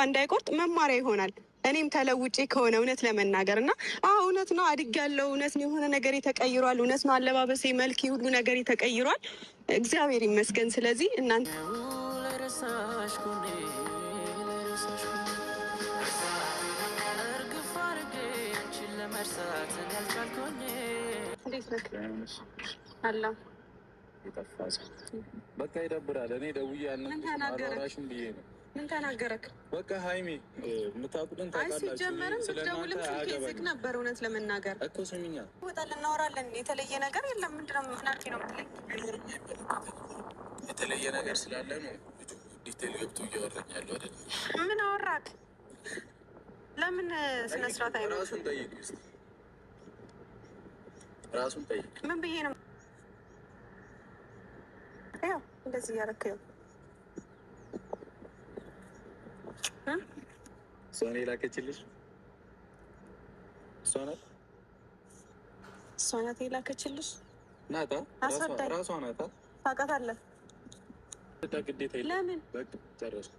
ተስፋ እንዳይቆርጥ መማሪያ ይሆናል። እኔም ተለውጬ ከሆነ እውነት ለመናገር እና እውነት ነው አድግ ያለው እውነት ነው የሆነ ነገር ተቀይሯል። እውነት ነው አለባበሴ፣ መልክ፣ ሁሉ ነገር ተቀይሯል። እግዚአብሔር ይመስገን። ስለዚህ እናንተ በቃ ይደብራል። እኔ ደውዬ ያለ አራሽም ብዬ ነው ምን ተናገረክ? በቃ ሀይሚ የምታውቁትን ታውቃላችሁ። ሲጀመርም ዝግ ነበር። እውነት ለመናገር እኮ ስሚኛ፣ ወጣል እናወራለን። የተለየ ነገር የለም። ምንድነው ምክንያት ነው ምትለኝ? የተለየ ነገር ስላለ ነው ዲቴል ገብቶ እያወራኝ ያለው ምን አወራክ? ለምን ስነስርዓት ራሱን ጠይቅ፣ ራሱን ጠይቅ። ምን ብዬ ነው እንደዚህ እያረክ ሶኔ የላከችልሽ እሷ ናት። እሷ ናት የላከችልሽ ናታ። ራሷ ናታ። ታውቃታለህ? ግዴታ ለምን ጨረስኩ።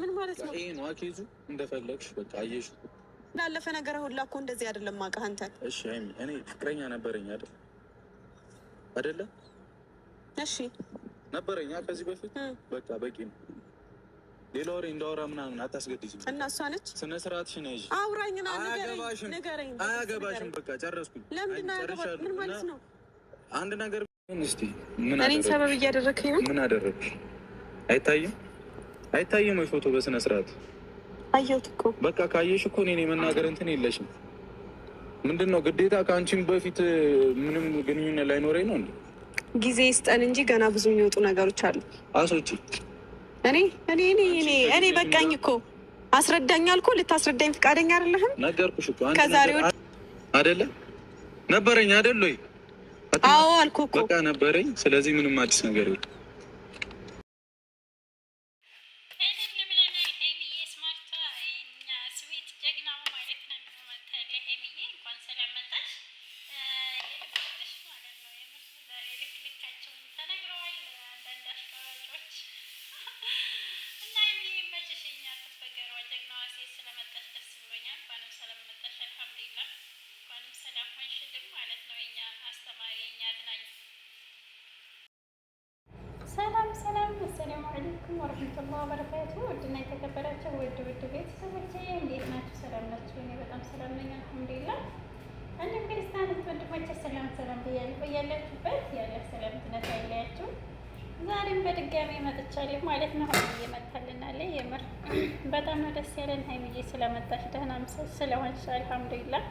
ምን ማለት ነው? ይሄ ነዋ ኬዙ። እንደፈለግሽ በቃ አየሽ። ላለፈ ነገር ሁላ እኮ እንደዚህ አይደለም። አውቃህ አንተን። እሺ ሀይሚ፣ እኔ ፍቅረኛ ነበረኝ አይደል? አይደለም። እሺ ነበረኛ ከዚህ በፊት በቃ በቂ ነው። ሌላ ወሬ እንዳወራ ምናምን አታስገድጅ። እና እሷ ነች ስነ ስርዓትሽን ያዥ። አውራኝና ንገረኝ። አያገባሽም። በቃ ጨረስኩኝ። ለምንድን ነው ምን ማለት ነው? አንድ ነገር እስቲ እኔን ሰበብ እያደረግኝ ነው። ምን አደረግሽ? አይታይም፣ አይታይም ወይ ፎቶ በስነ ስርዓት አየሁት እኮ። በቃ ካየሽ እኮ እኔን የመናገር እንትን የለሽም። ምንድን ነው ግዴታ ከአንቺም በፊት ምንም ግንኙነት ላይኖረኝ ነው እንዴ? ጊዜ ይስጠን እንጂ ገና ብዙ የሚወጡ ነገሮች አሉ። አሶች እኔ እኔ እኔ እኔ እኔ በቃኝ እኮ አስረዳኝ አልኩ። ልታስረዳኝ ፈቃደኛ አይደለህም። ነገርኩሽ እኮ ከዛሬ አይደለ ነበረኝ አይደል ወይ? አዎ አልኩ እኮ በቃ ነበረኝ። ስለዚህ ምንም አዲስ ነገር የለም። በያላችሁበት ያለ ሰላምትነት አይለያችሁ። ዛሬም በድጋሚ መጥቻለሁ ማለት ነው። ሀይሚዬ መጣልናለ። የምር በጣም ነው ደስ ያለን ሀይሚዬ ስለመጣሽ፣ ደህና ምሰል ስለሆንሽ አልሐምዱሊላህ።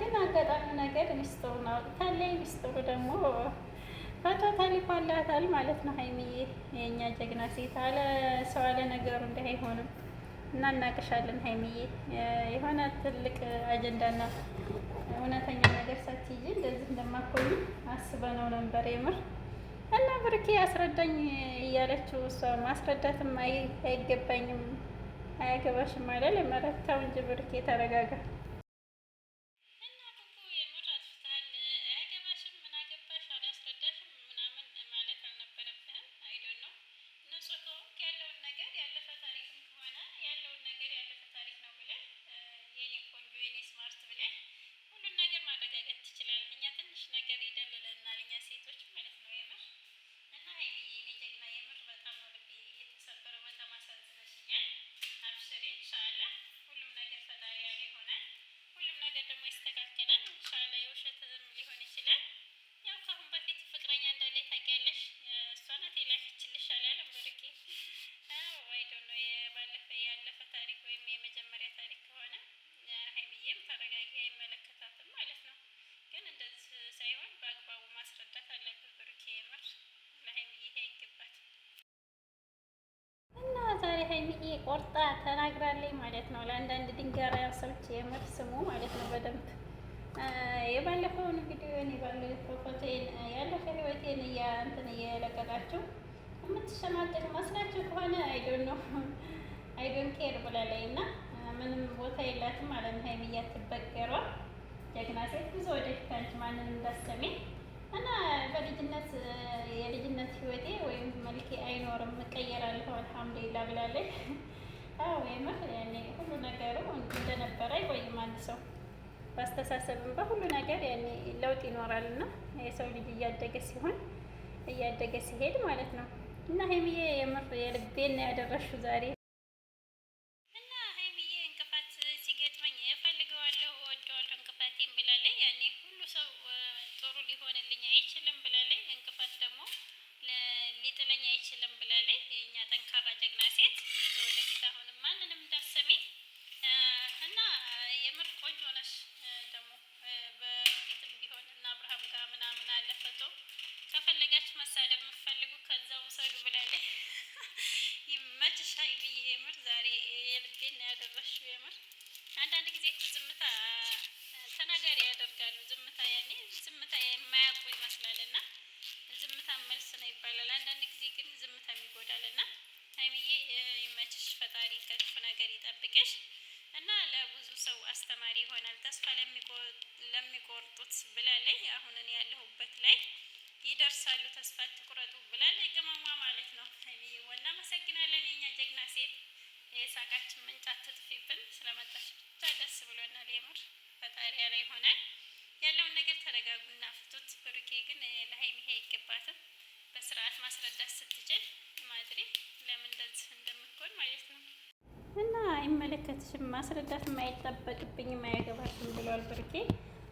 ግን አጋጣሚ ነገር ሚስጥሩ ነው ታለይ ሚስጥሩ ደግሞ ፈቶ ታሊኳላታል ማለት ነው። ሀይሚዬ የእኛ ጀግና ሴት አለ ሰው አለ ነገሩ እንዲህ አይሆንም። እናናቅሻለን ሀይሚዬ የሆነ ትልቅ አጀንዳና እውነተኛ ነገር ሳትይዤ እንደዚህ እንደማኮኝ አስበነው ነበር የምር እና ብርኬ አስረዳኝ እያለችው እሷ ማስረዳትም አይገባኝም አያገባሽም አይደል የመረታው እንጂ ብርኬ ተረጋጋ ሀይሚዬ ቆርጣ ተናግራለች ማለት ነው። ለአንዳንድ ድንጋራ ሰዎች የምር ስሙ ማለት ነው በደንብ የባለፈውን ቪዲዮ እኔ ባለፈው ፎቶዬን ያለፈ ህይወቴን እንትን እየለቀቃችሁ የምትሸማቀቅ መስላችሁ ከሆነ አይዶን ነው አይዶን ኬር ብላለች እና ምንም ቦታ የላትም ማለት ነው። ሀይሚዬ አትበገሯ ጀግና ሴት ብዙ ወደፊት አንቺ ማንን እንዳሰሜ እና በልጅነት የልጅነት ህይወቴ ወይም መልኬ አይኖርም እቀየራለሁ አልሐምዱሊላ ብላለች። አዎ የምር ያኔ ሁሉ ነገሩ እንደነበረ አይቆይም። አንድ ሰው ባስተሳሰብም በሁሉ ነገር ያኔ ለውጥ ይኖራል እና የሰው ልጅ እያደገ ሲሆን እያደገ ሲሄድ ማለት ነው እና ሀይሚዬ የምር የልቤን ያደረሽው ዛሬ ሰው ጥሩ ሊሆንልኝ አይችልም ብላ ሀይሚዬ የምር ዛሬ የልቤን ያደረሽው የምር አንዳንድ ጊዜ እኮ ዝምታ ተናጋሪ ያደርጋሉ። ዝምታ ያኔ ዝምታ የማያውቁ ይመስላል እና ዝምታ መልስ ነው ይባላል። አንዳንድ ጊዜ ግን ዝምታ የሚጎዳል እና ሀይሚዬ ይመችሽ፣ ፈጣሪ ከክፉ ነገር ይጠብቅሽ እና ለብዙ ሰው አስተማሪ ይሆናል ተስፋ ለሚቆርጡት ብላለች። አሁንን ያለሁበት ላይ ይደርሳሉ። ተስፋ ትቁረጡ ብላል ቅመሟ ማለት ነው። ወና እናመሰግናለን። የኛ ጀግና ሴት የሳቃችን ምንጭ አትጥፊብን። ስለመጣች ብቻ ደስ ብሎናል። የምር ፈጣሪያ ላይ ይሆናል። ያለውን ነገር ተረጋጉና ፍቱት። ብሩኬ ግን ለሀይሚ አይገባትም። በስርዓት ማስረዳት ስትችል ማድሪ ለምን እንደዚህ እንደምትሆን ማለት ነው እና አይመለከትሽም ማስረዳት የማይጠበቅብኝ አያገባትም ብሏል ብሩኬ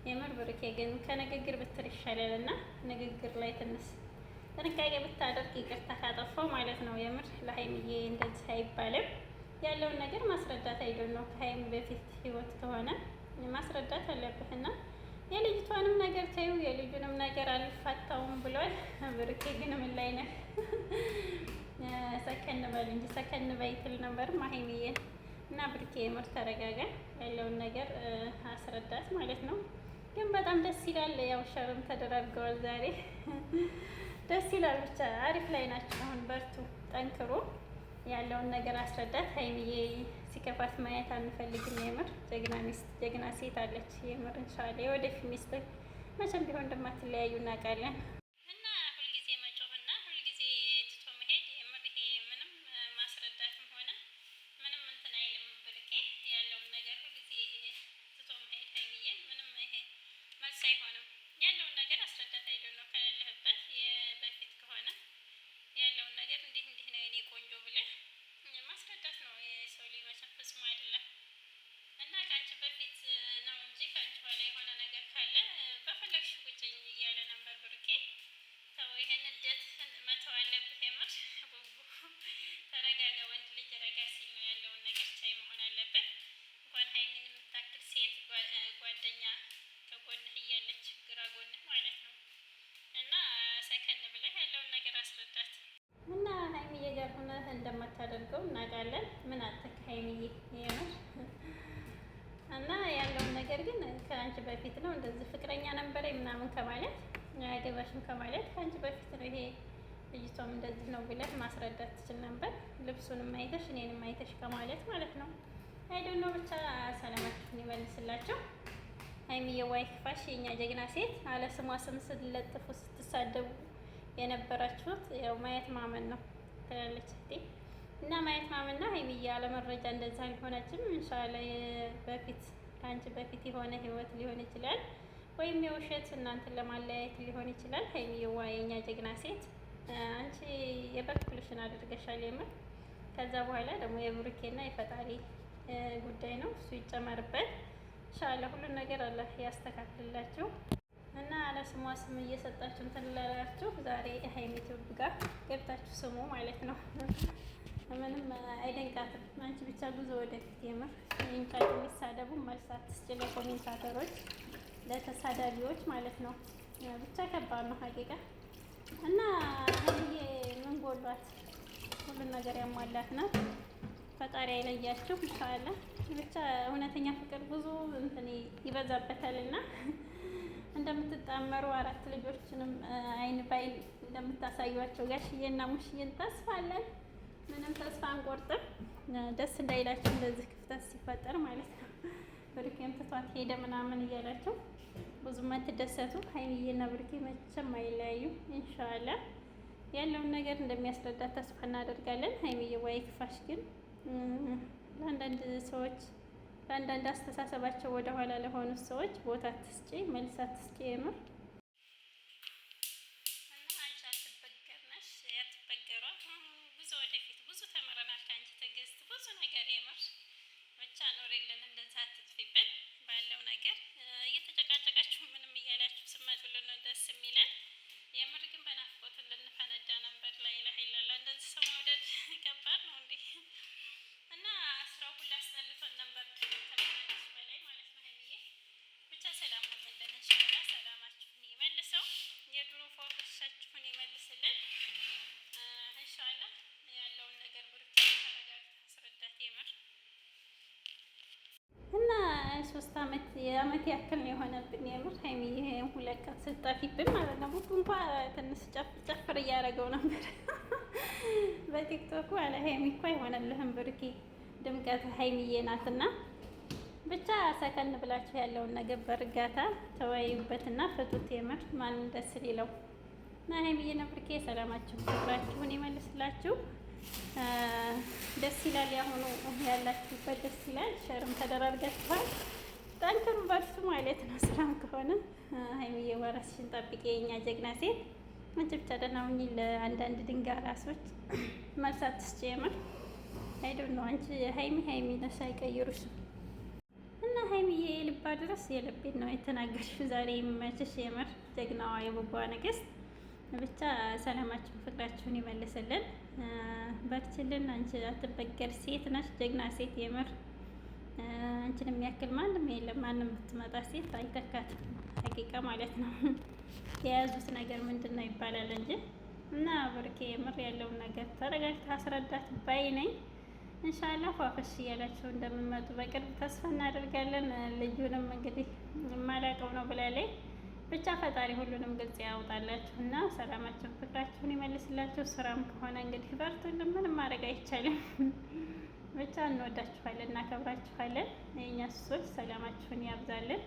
የምር ብሩኬ ግን ከንግግር ብትል ይሻላል እና ንግግር ላይ ትንሽ ጥንቃቄ ብታደርግ ይቅርታ ካጠፋው ማለት ነው። የምር ለሀይምዬ እንደዚህ አይባልም። ያለውን ነገር ማስረዳት አይደል ነው። ከሀይም በፊት ህይወት ከሆነ ማስረዳት አለብህ እና የልጅቷንም ነገር ተዩ፣ የልጁንም ነገር አልፋታውም ብሏል። ብሩኬ ግን ምን ላይ ነህ? ሰከን በል እንጂ ሰከን በይትል ነበር ማሀይምዬን እና ብሩኬ የምር ተረጋጋ፣ ያለውን ነገር አስረዳት ማለት ነው። ግን በጣም ደስ ይላል። ያው ሸርም ተደራርገዋል ዛሬ ደስ ይላል። ብቻ አሪፍ ላይ ናቸው። አሁን በርቱ፣ ጠንክሮ ያለውን ነገር አስረዳት። ሀይሚዬ ሲከፋት ማየት አንፈልግም። የምር ጀግና ሚስት ጀግና ሴት አለች። የምር እንሻለ የወደፊት ሚስት መቼም ቢሆን እንደማትለያዩ እናውቃለን። እንደምታደርገው እናውቃለን። ምን አትክ እና ያለውን ነገር ግን ከአንቺ በፊት ነው እንደዚህ ፍቅረኛ ነበረ ምናምን ከማለት አያገባሽም ከማለት ከአንቺ በፊት ነው ይሄ ልጅቷም እንደዚህ ነው ብለህ ማስረዳት ትችል ነበር። ልብሱንም አይተሽ እኔንም አይተሽ ከማለት ማለት ነው። አይደኖ ብቻ ሰላማችሁን ይመልስላቸው። ሀይሚዬ ዋይ ክፋሽ የእኛ ጀግና ሴት አለ ስሟ ስም ስትለጥፉ ስትሳደቡ የነበራችሁት ያው ማየት ማመን ነው ትላለች። እና ማየት ማመና ሀይሚዬ አለመረጃ እንደዛ ሊሆነችም እንሻላ በፊት ከአንቺ በፊት የሆነ ህይወት ሊሆን ይችላል፣ ወይም የውሸት እናንተን ለማለያየት ሊሆን ይችላል። ሀይሚዬዋ የኛ ጀግና ሴት አንቺ የበኩልሽን አድርገሻል የምር። ከዛ በኋላ ደግሞ የብሩኬና የፈጣሪ ጉዳይ ነው፣ እሱ ይጨመርበት። እንሻላ ሁሉን ነገር አላህ ያስተካክልላችሁ እና ለስሟ ስም እየሰጣችሁ እንትን ላላችሁ ዛሬ ሀይሚ ቲዩብ ጋር ገብታችሁ ስሙ ማለት ነው። ምንም አይደንቃትም። አንቺ ብቻ ጉዞ ወደፊት። የምር ይንጫጭ የሚሳደቡ መልስ አትስጭ፣ ለኮሜንታተሮች ለተሳዳቢዎች ማለት ነው። ብቻ ከባድ ነው ሀቂቃ እና ሀይሚዬ ምን ጎሏት? ሁሉን ነገር ያሟላት ናት። ፈጣሪ አይለያችሁ ኢንሻአላህ። ብቻ እውነተኛ ፍቅር ብዙ እንትን ይበዛበታልና እንደምትጣመሩ አራት ልጆችንም አይን ባይን እንደምታሳዩቸው ጋሽዬና ሙሽዬን ተስፋ አለን። ምንም ተስፋ አንቆርጥም። ደስ እንዳይላችሁ እንደዚህ ክፍተት ሲፈጠር ማለት ነው። ብሩኬም ትቷት ሄደ ምናምን እያላችሁ ብዙም አትደሰቱ። ሀይሚዬና ብሩኬ መቼም አይለያዩ ኢንሻአላ ያለውን ነገር እንደሚያስረዳት ተስፋ እናደርጋለን። ሀይሚዬ ዋይ ክፋሽ ግን ለአንዳንድ ሰዎች ለአንዳንድ አስተሳሰባቸው ወደኋላ ለሆኑት ሰዎች ቦታ አትስጪ፣ መልስ አትስጪ የምር ወደፊት ብዙ ተምረናል ከአንቺ ትዕግስት፣ ብዙ ነገር የምር ብቻ ኖሬልን እንደዛ አትጥፊብን። ባለው ነገር እየተጨቃጨቃችሁ ምንም እያላችሁ ስመጡልን ደስ የሚለን የምር ዓመት ያክል ነው የሆነብን የምር ሀይሚዬ፣ ይሄን ሁለት ቀን ስጠፊብን ማለት ነው። ቡቡ እንኳ ትንሽ ጨፍር ጨፍር እያደረገው ነበር በቲክቶኩ አለ ሀይሚ እኮ አይሆነልህም ብርኪ፣ ድምቀት ሀይሚዬ ናትና ብቻ ሰከን ብላችሁ ያለውን ነገር በእርጋታ ተወያዩበትና ፍጡት። የምር ማንም ደስ ሊለው እና ሀይሚዬ ነብርኬ ሰላማችሁ ክብራችሁን ይመልስላችሁ። ደስ ይላል። ያሁኑ ያላችሁበት ደስ ይላል። ሸርም ተደራርጋችኋል። ጠንክሩ በርቱ ማለት ነው። ስራም ከሆነ ሀይሚዬ ራስሽን ጠብቂ፣ የኛ ጀግና ሴት። አንቺ ብቻ ደህና ሁኚ። ለአንዳንድ ድንጋ ራሶች መልስ አትስጪ። የምር አይዶ ነው አንቺ ሀይሚ ሀይሚ ነሽ፣ አይቀይሩሽም። እና ሀይሚዬ የልባ ድረስ የልቤን ነው የተናገርሽው። ዛሬ የሚመችሽ የምር ጀግናዋ የቡቧ ንግስት። ብቻ ሰላማችሁን ፍቅራችሁን ይመልስልን። በርችልን። አንቺ አትበገር ሴት ነሽ፣ ጀግና ሴት የምር አንቺን የሚያክል ማንም የለም። ማንም የምትመጣ ሴት አይተካት ሀቂቃ ማለት ነው። የያዙት ነገር ምንድን ነው ይባላል እንጂ እና ብርኬ የምር ያለውን ነገር ተረጋግተ አስረዳት ባይ ነኝ። እንሻላ ፏፈሽ እያላቸው እንደምመጡ በቅርብ ተስፋ እናደርጋለን። ልዩንም እንግዲህ የማላውቀው ነው ብላለች። ብቻ ፈጣሪ ሁሉንም ግልጽ ያውጣላችሁ እና ሰላማችሁን፣ ፍቅራችሁን ይመልስላችሁ። ስራም ከሆነ እንግዲህ በርቱልን፣ ምንም ማድረግ አይቻልም። ብቻ እንወዳችኋለን፣ እናከብራችኋለን። የእኛ ሱሶች ሰላማችሁን ያብዛልን።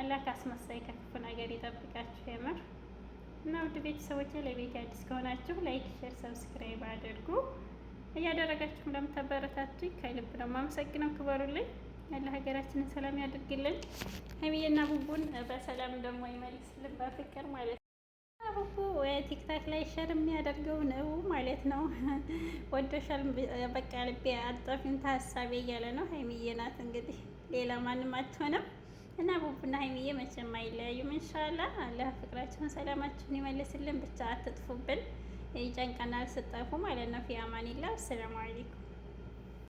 አላህ አስመሳይ ከክፉ ነገር ይጠብቃችሁ የምር እና ውድ ቤተሰቦቼ ለቤት አዲስ ከሆናችሁ ላይክ፣ ሼር፣ ሰብስክራይብ አድርጉ። እያደረጋችሁም ለምታበረታቱኝ ከልብ ነው የማመሰግነው። ክበሩልኝ። ያለ ሀገራችንን ሰላም ያድርግልን። ሀይሚዬና ቡቡን በሰላም ደግሞ ይመልስልን በፍቅር ማለት ቲክታክ ላይ ሸር የሚያደርገው ነው ማለት ነው። ወዶሻል በቃ ልቤ አጠፊም ታሳቢ እያለ ነው። ሀይሚዬ ናት እንግዲህ ሌላ ማንም አትሆንም እና ቡቡና ሀይሚዬ መቼም አይለያዩም። እንሻላ አላህ ፍቅራችሁን ሰላማችሁን ይመልስልን። ብቻ አትጥፉብን፣ ይጨንቀናል ስጠፉ ማለት ነው። ፊያማኒላ አሰላሙ አለይኩም